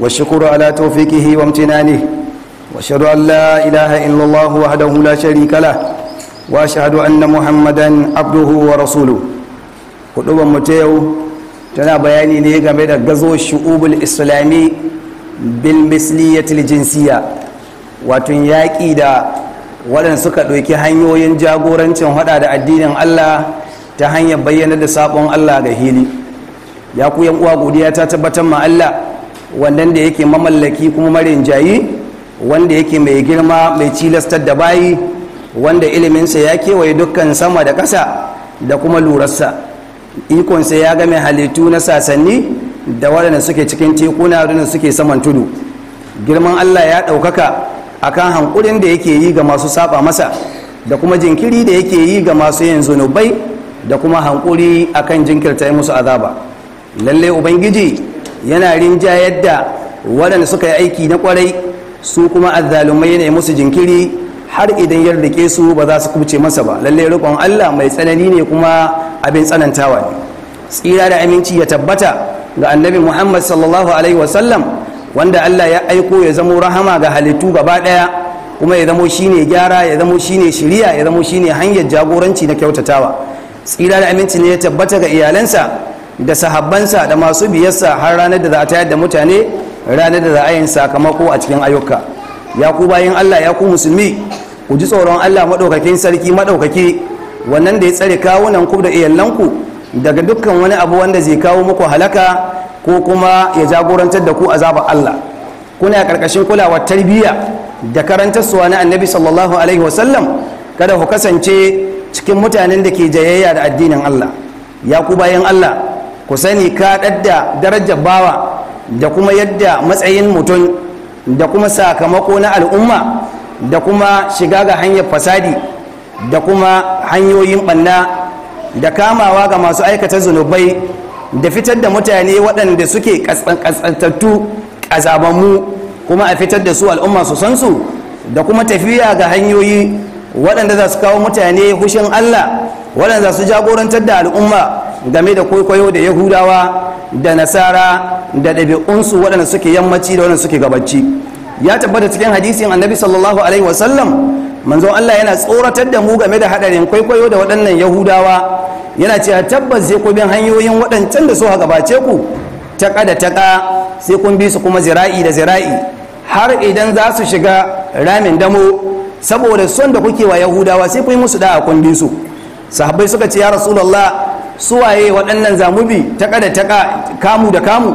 والشكر على توفيقه وامتنانه واشهد ان لا اله الا الله وحده لا شريك له واشهد محمدا عبده ورسوله ta yau tana bayani ne game da gazo shu'ubul islami bil yaƙi da waɗanda suka ɗauki hanyoyin jagorancin hada da addinin Allah ta hanyar bayyana da Allah ga hili ya ku yan uwa godiya ta tabbatar ma Allah wannan da yake mamallaki kuma marin jayi wanda yake mai girma mai cilastar da bayi wanda iliminsa ya kewaye dukkan sama da ƙasa da kuma lurarsa ikonsa ya game halittu na sasanni da waɗanda suke cikin tekuna waɗanda suke saman tudu girman allah ya ɗaukaka akan hankulin da yake yi ga masu saba masa da kuma jinkiri da yake yi ga masu yin zunubai da kuma hankuri akan jinkirta musu azaba lallai ubangiji yana rinjayar da waɗanda suka yi aiki na kwarai su kuma azzalumai yana musu jinkiri har idan ya rike su ba za su kubce masa ba lallai rikon Allah mai tsanani ne kuma abin tsanantawa ne tsira da aminci ya tabbata ga annabi Muhammad sallallahu alaihi wasallam wanda Allah ya aiko ya zamo rahama ga halittu gaba ɗaya kuma ya zamo shine gyara ya zamo shine shiriya ya zamo shine hanyar jagoranci na kyautatawa tsira da aminci ne ya tabbata ga iyalansa da sahabbansa da masu biyarsa har ranar da za a tayar da mutane ranar da za a yin sakamako a cikin ayyuka ya ku bayan Allah ya ku musulmi ku ji tsoron Allah maɗaukakin sarki maɗaukaki wannan da ya tsare kawunan ku da iyalanku daga dukkan wani abu wanda zai kawo muku halaka ko kuma ya jagorantar da ku azabar Allah kuna karkashin kulawar tarbiyya da karantarsuwa na annabi sallallahu alaihi wasallam kada ku kasance cikin mutanen da ke jayayya da addinin Allah ya ku bayan Allah ku sani ka darajar bawa da kuma yadda matsayin mutum da kuma sakamako na al'umma da kuma shiga ga hanyar fasadi da kuma hanyoyin ɓanna da kamawa ga masu aikata zunubai da fitar da mutane waɗanda suke ƙasantattu ƙazabammu kuma a fitar da su al'umma su san su da kuma tafiya ga hanyoyi waɗanda za su kawo mutane hushin Allah waɗanda za su jagorantar da al'umma game da kwaikwayo da yahudawa da nasara da ɗabi'unsu waɗanda suke yammaci da waɗanda suke gabaci ya tabbata cikin hadisin annabi sallallahu alaihi wasallam manzon Allah yana tsoratar da mu game da haɗarin kwaikwayo da waɗannan yahudawa yana cewa tabbas sai ku bin hanyoyin waɗancan da suka gabace ku taƙa da taƙa sai kun bi su kuma zira'i da zira'i har idan za su shiga ramin damo saboda son da kuke wa yahudawa sai kun yi musu da'a kun bi su sahabbai suka ce ya rasulullah suwaye waɗannan zamubi ta da ta kamu da kamu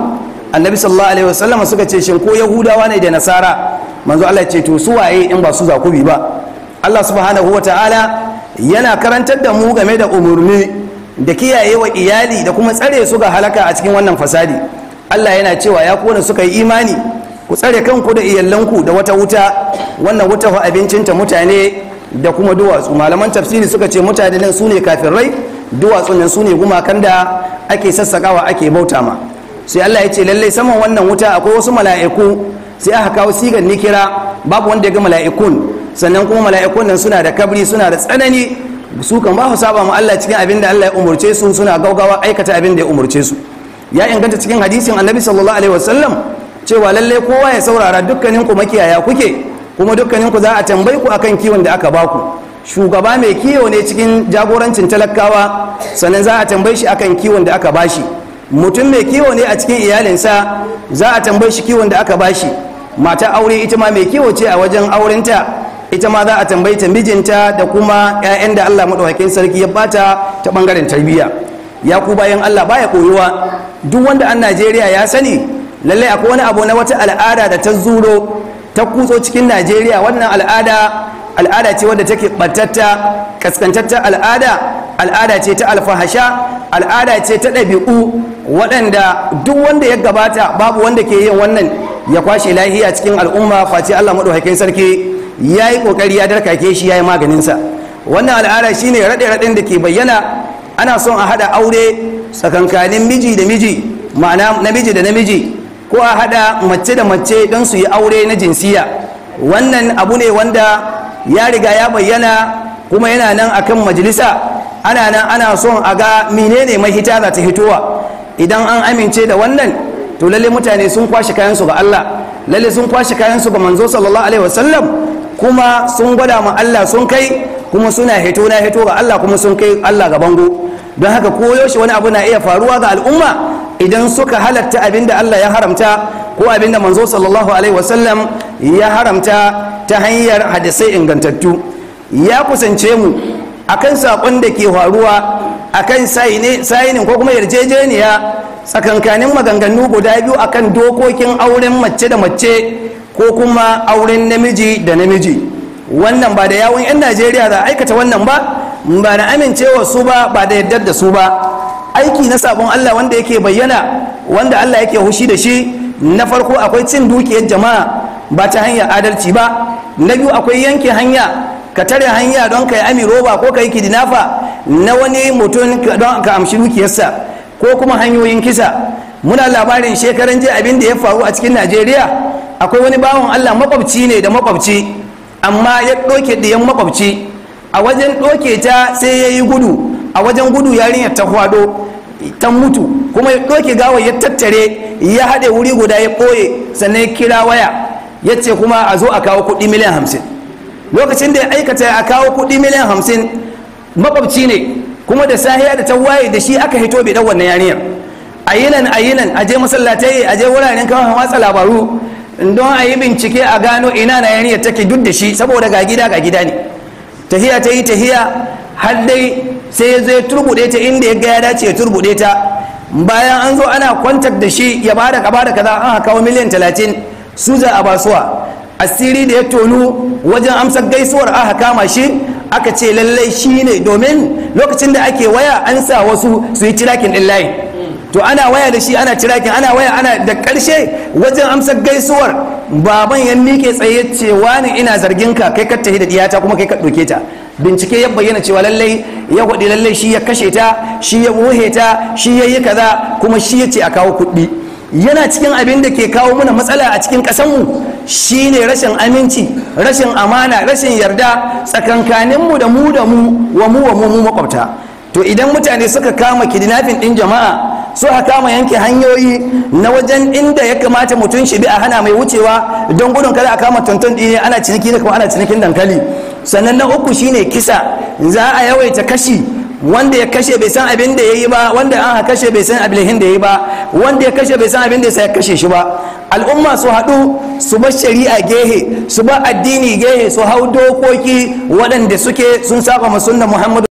annabi sallallahu alaihi wasallam suka ce shin ko yahudawa ne da nasara manzo Allah ce to suwaye in ba su zakubi ba Allah subhanahu wa ta'ala yana karantar da mu game da umurni da kiyaye wa iyali da kuma tsare su ga halaka a cikin wannan fasadi Allah yana cewa ya kona suka yi imani ku tsare kanku da iyalanku da wata wuta wannan wuta abincinta mutane da kuma duwatsu malaman tafsiri suka ce mutane nan su ne kafirai duwatsun nan ne gumakan da ake sassakawa ake bauta ma sai Allah ya ce lallai saman wannan wuta akwai wasu mala'iku sai aka kawo sigan ni babu wanda ya ga mala'ikun sannan kuma mala'ikun nan suna da kabri suna da tsanani su kan ba su saba ma Allah cikin abin da Allah ya umurce su suna gaugawa aikata abin da ya umurce su ya inganta cikin hadisin annabi sallallahu alaihi wasallam cewa lallai kowa ya saurara dukkaninku makiyaya kuke kuma dukkaninku za a tambayi ku akan kiwon da aka baku shugaba mai kiwo ne cikin jagorancin talakawa sannan za a tambaye shi akan kiwon da aka bashi mutum mai kiwo ne a cikin iyalinsa za a tambaye shi kiwon da aka bashi mata aure ita ma mai kiwo ce a wajen aurenta ita ma za a tambaye ta mijinta da kuma 'ya'yan da Allah maɗaukakin sarki ya bata ta ɓangaren tarbiyya ya ku bayan Allah baya koyuwa duk wanda an Najeriya ya sani lallai akwai wani abu na wata al'ada da ta zuro ta kutso cikin Najeriya wannan al'ada al'ada ce wadda take batatta kaskantattar al'ada al'ada ce ta alfahasha al'ada ce ta ɗabi'u waɗanda duk wanda ya gabata babu wanda ke yin wannan ya kwashe lahiya cikin al'umma face Allah maɗaukakin sarki ya yi ƙoƙari ya darkake shi ya yi maganinsa wannan al'ada shi ne raɗe-raɗen da ke bayyana ana son a haɗa aure tsakankanin miji da miji ma'ana namiji da namiji ko a haɗa mace da mace don su yi aure na jinsiya wannan abu ne wanda ya riga ya bayyana kuma yana nan akan majalisa ana nan ana son a ga menene mahita za ta hitowa idan an amince da wannan to lalle mutane sun kwashe kayansu ga Allah lalle sun kwashe kayansu ga manzo sallallahu alaihi wasallam kuma sun gwada ma Allah sun kai kuma suna hito na hito ga Allah kuma sun kai Allah ga bango don haka koyaushe wani abu na iya faruwa ga al'umma idan suka halatta abinda Allah ya haramta ko abinda manzo sallallahu alaihi wasallam ya haramta ta hanyar hadisai ingantattu ya kusance mu akan saƙon da ke faruwa akan sayinin ko kuma yarjejeniya tsakankanin maganganu guda biyu akan dokokin auren mace da mace ko kuma auren namiji da namiji wannan ba da yawon 'yan najeriya za aikata wannan ba ba da amincewa su ba ba da yardar da su ba aiki na sabon allah wanda yake bayyana wanda allah yake hushi da shi na farko akwai cin dukiyar jama'a ba ta hanyar adalci ba na biyu akwai yanke hanya ka tare hanya don ka yi ami roba ko ka yi kidinafa na wani mutum don ka amshi dukiyarsa ko kuma hanyoyin kisa muna labarin shekaran jiya abin da ya faru a cikin najeriya akwai wani bawan allah makwabci ne da makwabci amma ya ɗoke ɗiyan makwabci a wajen doke ta sai ya yi gudu a wajen gudu yarinyar ta hwado ta mutu kuma ya doke gawa ya tattare ya haɗe wuri guda ya ɓoye sannan ya kira waya ya ce kuma a zo a kawo kuɗi miliyan hamsin lokacin da ya aikata a kawo kuɗi miliyan hamsin mababci ne kuma da sahiya da ta waye da shi aka hito bai ɗan wannan a yi nan a yi nan a je masallatai a je wuraren kawo watsa labaru don a yi bincike a gano ina na yarinyar take duk da shi saboda ga gida ga gida ne tahiya ta yi tahiya har dai sai ya zo ya turbuɗe ta inda ya ga ya dace ya turbuɗe ta bayan an zo ana kwantar da shi ya bada ka bada kaza an kawo miliyan talatin suja a basuwa asiri da ya tonu wajen amsa gaisuwar aka kama shi aka ce lallai shi ne domin lokacin da ake waya an sa wasu su yi cirakin ɗin layi to ana waya da shi ana cirakin ana waya ana da ƙarshe wajen amsa gaisuwar baban ya miƙe tsaye cewa ne ina zargin ka kai ka tafi da diyata kuma kai ka ta bincike ya bayyana cewa lallai ya kwaɗi lallai shi ya kashe ta shi ya wuhe ta shi ya yi kaza kuma shi ya ce a kawo kuɗi yana cikin abin da ke kawo mana matsala a cikin ƙasanmu shine rashin aminci rashin amana rashin yarda tsakankaninmu da mu da mu wa mu wa mu makwabta to idan mutane suka kama kidnapping ɗin jama'a suka kama yanke hanyoyi na wajen inda ya kamata mutum shi bi a hana mai wucewa don gudun kada a kama tuntun ɗine ana ciniki da kuma ana cinikin dankali sannan na uku shine kisa za a yawaita kashi wanda ya kashe bai san abin da ya yi ba wanda an kashe bai san abin da ya yi ba wanda ya kashe bai san abin da ya kashe shi ba al'umma su haɗu su bar shari'a gehe su bar addini gehe su hau dokoki waɗanda suke sun saba ma sunan muhammadu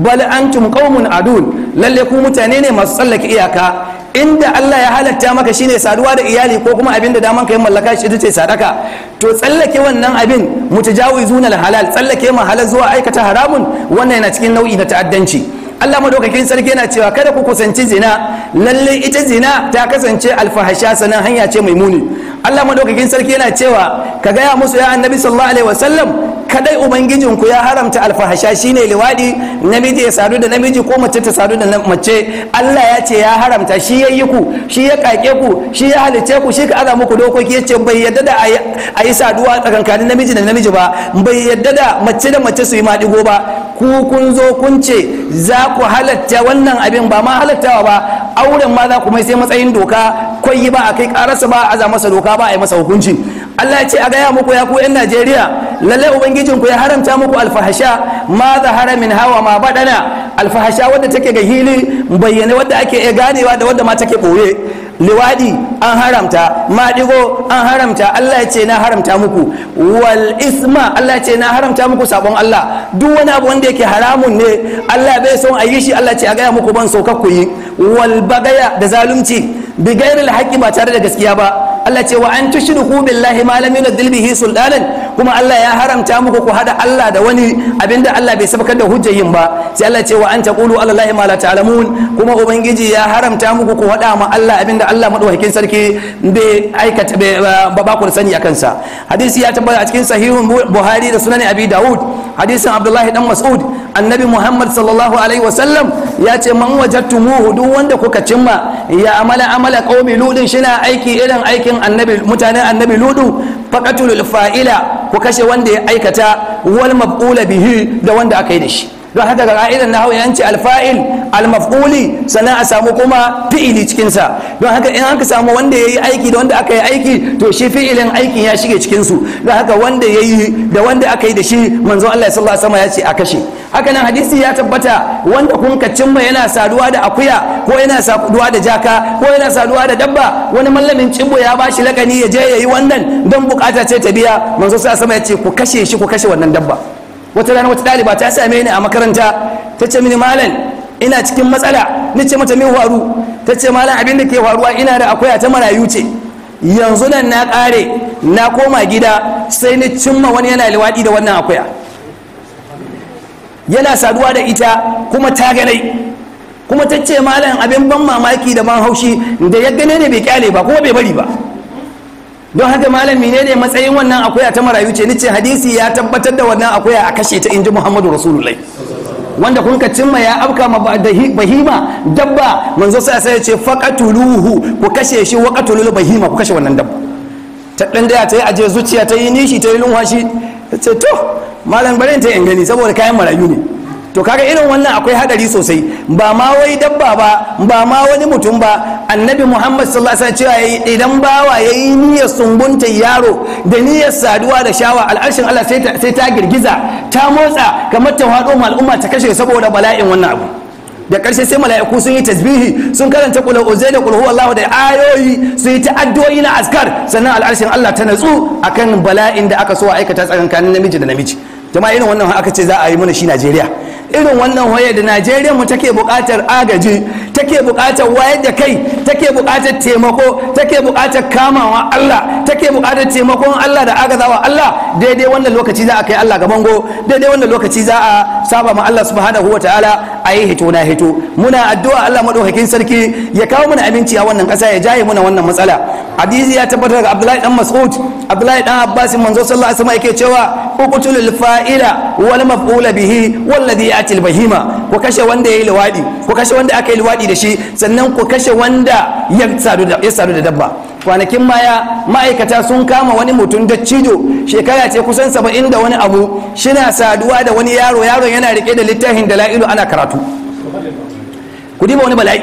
bal antum qaumun adun lalle ku mutane ne masu tsallake iyaka inda Allah ya halatta maka shine saduwa da iyali ko kuma abin da daman kai mallaka shi ita ce sadaka to tsallake wannan abin na halal tsallake ma halal zuwa aikata haramun wannan yana cikin nau'i na ta'addanci Allah madaukakin sarki yana cewa kada ku kusanci zina lalle ita zina ta kasance alfahasha sanan hanya ce mai muni Allah madaukakin sarki yana cewa ka gaya musu ya annabi sallallahu alaihi wasallam kadai ubangijinku ya haramta alfahasha shine liwadi namiji ya sadu da namiji ko mace ta sadu da mace Allah ya ce ya haramta shi ya yi ku shi ya kake ku shi ya halice ku shi ka aza muku dokoki ya ce bai yadda da a yi saduwa tsakankanin namiji da namiji ba bai yadda da mace da mace su yi maɗigo ba ku kun zo kun ce za ku halatta wannan abin ba ma halattawa ba auren ma za ku mai sai matsayin doka kwayi ba a kai karasa ba a za masa doka ba a yi masa hukunci Allah ya ce a gaya muku ya ku 'yan Najeriya lallai ubangijin ku ya haramta muku alfahasha ma za haramin hawa ma badana alfahasha wadda take ga hili bayyane wadda ake iya ganewa da wadda ma take ɓoye. liwadi an haramta maɗigo an haramta Allah ya ce na haramta muku wal isma Allah ya ce na haramta muku sabon Allah duk wani abu wanda yake haramun ne Allah bai son a yi shi Allah ce a gaya muku ban sauka ku yi wal bagaya da zalunci bi gairil haqqi ba tare da gaskiya ba Allah ce wa an ku billahi ma lam yunzil bihi sultanan kuma Allah ya haramta muku ku hada Allah da wani abinda Allah bai sabkar da hujjayin ba sai Allah ce wa an taqulu ala Allah ma la ta'lamun kuma ubangiji ya haramta muku ku hada ma Allah abinda Allah madaukakin sarki bai aikata ba ku sani akan sa hadisi ya tabbata a cikin sahihun Buhari da sunan Abi Dawud hadisin Abdullahi dan Mas'ud annabi Muhammad sallallahu alaihi wasallam ya ce man wajadtumuhu duk wanda kuka cimma ya amala amala qaumi ludin shi na aiki irin aikin annabi mutanen annabi ludu faqatul fa'ila ku kashe wanda ya aikata wal maf'ula bihi da wanda aka yi da shi don haka ga ka'idar na hawa yanci alfa'il almaf'uli sannan a samu kuma fi'ili cikinsa don haka in aka samu wanda ya yi aiki da wanda aka yi aiki to shi fi'ilin aikin ya shige cikinsu don haka wanda ya yi da wanda aka yi da shi manzon Allah sallallahu alaihi a ya ce a kashe haka nan hadisi ya tabbata wanda kun ka cimma yana saduwa da akuya ko yana saduwa da jaka ko yana saduwa da dabba wani mallamin cimbo ya bashi lakani ya je ya yi wannan don bukata ce ta biya manzo sallallahu alaihi wasallam ya ce ku kashe shi ku kashe wannan dabba wata rana wata ɗaliba ta same ni a makaranta ta ce mini malam ina cikin matsala ni ce mata min faru ta ce malam abin da ke faruwa ina da akwai ta marayu ce yanzu nan na ƙare na koma gida sai ni cimma wani yana liwaɗi da wannan akwaya yana saduwa da ita kuma ta ganai kuma ta ce malam abin ban mamaki da ban haushi da ya gane ne bai kyale ba kuma bai bari ba don haka malam menene matsayin wannan akuya ta marayu ce ni ce hadisi ya tabbatar da wannan akuya a kashe ta inji muhammadu rasulullahi wanda kun ka cimma ya afka ma bahima dabba manzo sai sai ce faqatuluhu ku kashe shi wa qatulul bahima ku kashe wannan dabba ta dan da ta yi aje zuciya ta yi nishi ta yi lunwashi ta ce to malam bare ta yi gani saboda kayan marayu ne to kaga irin wannan akwai hadari sosai ba ma wai dabba ba ba ma wani mutum ba annabi muhammad sallallahu alaihi wasallam yi. idan bawa yayi niyyar sumbunta yaro da niyyar saduwa da shawa al'arshin Allah sai ta girgiza ta motsa kamar ta hado al'umma ta kashe saboda bala'in wannan abu da karshe sai mala'iku sun yi tasbihi sun karanta kula uzai da kulhu Allah da ayoyi sun yi ta'addoyi na askar sannan al'arshin Allah ta natsu akan bala'in da aka so a aikata tsakankanin namiji da namiji jama'a irin wannan aka ce za a yi mana shi Najeriya irin wannan hoyar da najeriya mu take buƙatar agaji take bukatar wayar da kai take buƙatar taimako take buƙatar kamawa Allah take buƙatar taimakon Allah da agazawa Allah daidai wannan lokaci za a kai Allah ga bango daidai wannan lokaci za a saba ma Allah subhanahu wa ta'ala a yi hito na hito muna addu'a Allah madaukakin sarki ya kawo mana aminci a wannan kasa ya jaye muna wannan matsala hadisi ya tabbatar daga Abdullahi dan Mas'ud Abdullahi dan Abbas manzo sallallahu alaihi wasallam yake cewa uqtulul fa'ila wal maf'ula bihi wallazi yatil bahima ku kashe wanda ya yi luwaɗi ku kashe wanda aka yi luwaɗi da shi sannan ku kashe wanda ya sadu da dabba kwanakin maya ma'aikata sun kama wani mutum da cido shekara ce kusan saba'in da wani abu shina saduwa da wani yaro yaron yana rike da littafin da la'ilu ana karatu ku dima wani bala'i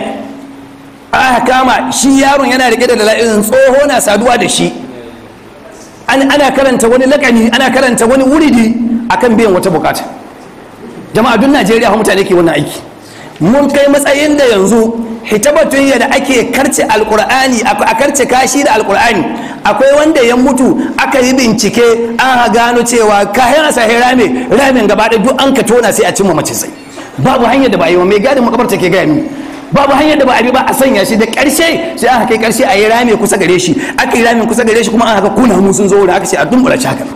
aka kama shi yaron yana rike da la'ilun tsoho na saduwa da shi ana karanta wani lakani ana karanta wani wuridi akan biyan wata bukata jama'a duk najeriya fa mutane ke wannan aiki mun kai matsayin da yanzu hitabatun yadda ake karce alkur'ani a karce kashi da alkur'ani akwai wanda ya mutu aka yi bincike an gano cewa kayan asahin rame ramin gaba da duk an ka tona sai a cimma mace sai babu hanyar da ba yi wa mai gadin makabarta ke gaya babu hanyar da ba a bi ba a sanya shi da karshe sai aka kai karshe a yi rami kusa gare shi aka yi ramin kusa gare shi kuma an haka kuna mun sun zo da aka ce a dumbura shakar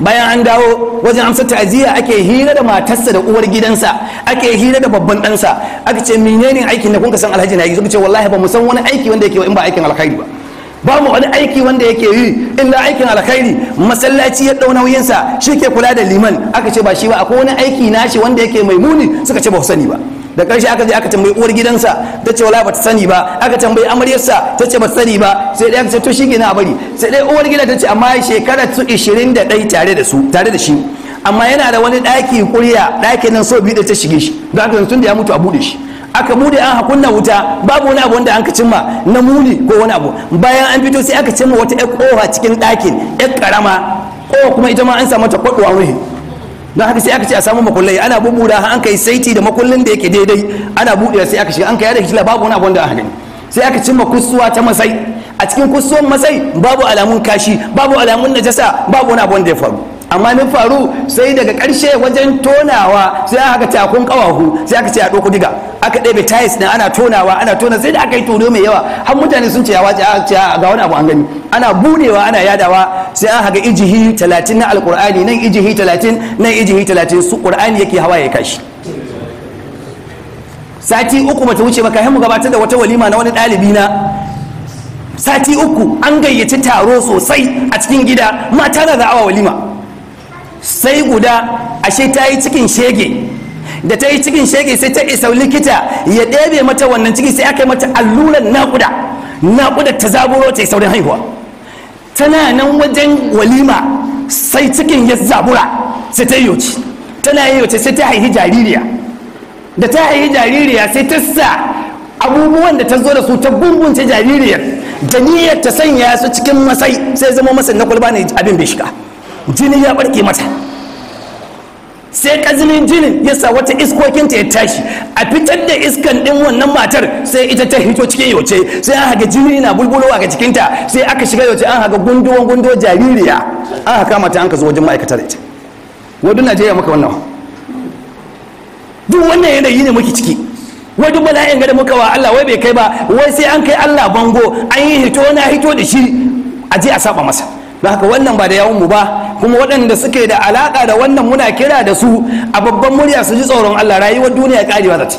bayan an dawo wajen amsa ta'aziyya ake hira da matarsa da uwar gidansa ake hira da babban ɗansa aka ce menene aikin da kun san alhaji na yi suka ce wallahi ba mu san wani aiki wanda yake in ba aikin alkhairi ba ba mu wani aiki wanda yake yi illa aikin alkhairi masallaci ya dau nauyinsa shi ke kula da liman aka ce ba shi ba akwai wani aiki nashi wanda yake mai muni suka ce ba sani ba da karshe aka je aka tambayi uwar gidansa ta ce wala bata sani ba aka tambayi amaryarsa ta ce bata sani ba sai dai aka ce to shi a bari sai dai uwar gida ta ce amma shekara su 21 tare da su tare da shi amma yana da wani ɗaki kurya ɗakin nan so biyu da ta shige shi da aka tun da ya mutu a bude shi aka bude an hakunna wuta babu wani abu wanda an ka cimma na muni ko wani abu bayan an fito sai aka cimma wata ƴar ƙofa cikin ɗakin ƴar ƙarama ko kuma ita ma an samu ta kwaɗuwa wurin don haka sai aka ce a samu makullai ana bubbuda an kai saiti da makullin da yake daidai ana buɗewa sai aka shiga an kai da hitila babu wani abun da aka gani sai aka cimma kusuwa ta masai a cikin kusuwan masai babu alamun kashi babu alamun najasa babu wani abu da ya faru amma min faru sai daga ƙarshe wajen tonawa sai aka ce kun kawahu sai aka ce a ɗauko diga aka ɗebe tayis na ana tonawa ana tona sai da aka yi tono mai yawa har mutane sun ce ya wace a ce ga wani abu an gani ana budewa ana yadawa sai an haga ijihi talatin na alƙur'ani nan ijihi talatin nan ijihi talatin su ƙur'ani yake hawa ya kashi sati uku bata wuce ba kayan mu gabatar da wata walima na wani ɗalibi na sati uku an gayyaci taro sosai a cikin gida mata na da awa walima sai guda ashe ta yi cikin shege da ta yi cikin shege sai ta isa likita ya ɗebe mata wannan ciki sai aka yi mata allurar naƙuda naƙudar ta zaburo ta yi saurin haihuwa tana nan wajen walima sai cikin ya zabura sai ta yoci tana yoci sai ta haihi jaririya da ta haihi jaririya sai ta sa abubuwan da ta zo da su ta bumbunce jaririyar da niyyar ta sanya su cikin masai sai zama masa na kwalba ne abin bai shiga jini ya barke mata sai kazimin jini ya sa wata iskokinta ya tashi a fitar da iskan din wannan matar sai ita ta hito cikin yauce sai an haga jini na bulbulowa ga cikinta sai aka shiga yauce an haga gunduwan gunduwa jaririya an haka mata an ka zo wajen ma'aikata da ita wadda najeriya maka wannan duk wannan yanayi ne muke ciki wadu duk bala'in gada muka wa Allah wai bai kai ba wai sai an kai Allah bango an yi hito na hito da shi a je a saba masa ba haka wannan ba da yawon mu ba kuma waɗanda suke da alaƙa da wannan muna kira da su a babban murya su ji tsoron Allah rayuwar duniya ƙarewa za ta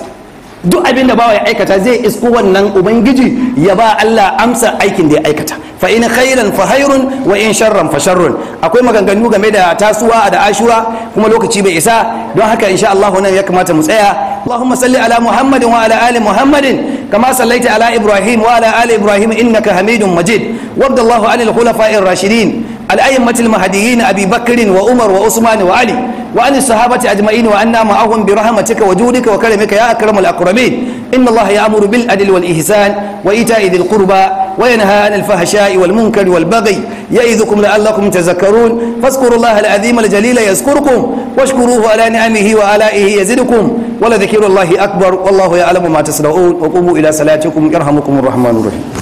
duk abin da bawa ya aikata zai isko wannan ubangiji ya ba Allah amsa aikin da ya aikata fa in khairan fa khairun wa in sharran fa sharrun akwai maganganu game da tasuwa da ashura kuma lokaci bai isa don haka insha Allah nan ya kamata mu tsaya Allahumma salli ala Muhammadin wa ala ali Muhammadin kama sallaita ala Ibrahim wa ala ali Ibrahim innaka Hamidum Majid wa Allahu anil khulafa'ir rashidin الأئمة المهديين أبي بكر وعمر وعثمان وعلي وعن الصحابة أجمعين وأنا معهم برحمتك وجودك وكرمك يا أكرم الأكرمين إن الله يأمر بالعدل والإحسان وإيتاء ذي القربى وينهى عن الفحشاء والمنكر والبغي يعظكم لعلكم تذكرون فاذكروا الله العظيم الجليل يذكركم واشكروه على نعمه وآلائه يزدكم ولذكر الله أكبر والله يعلم ما تصنعون وقوموا إلى صلاتكم يرحمكم الرحمن الرحيم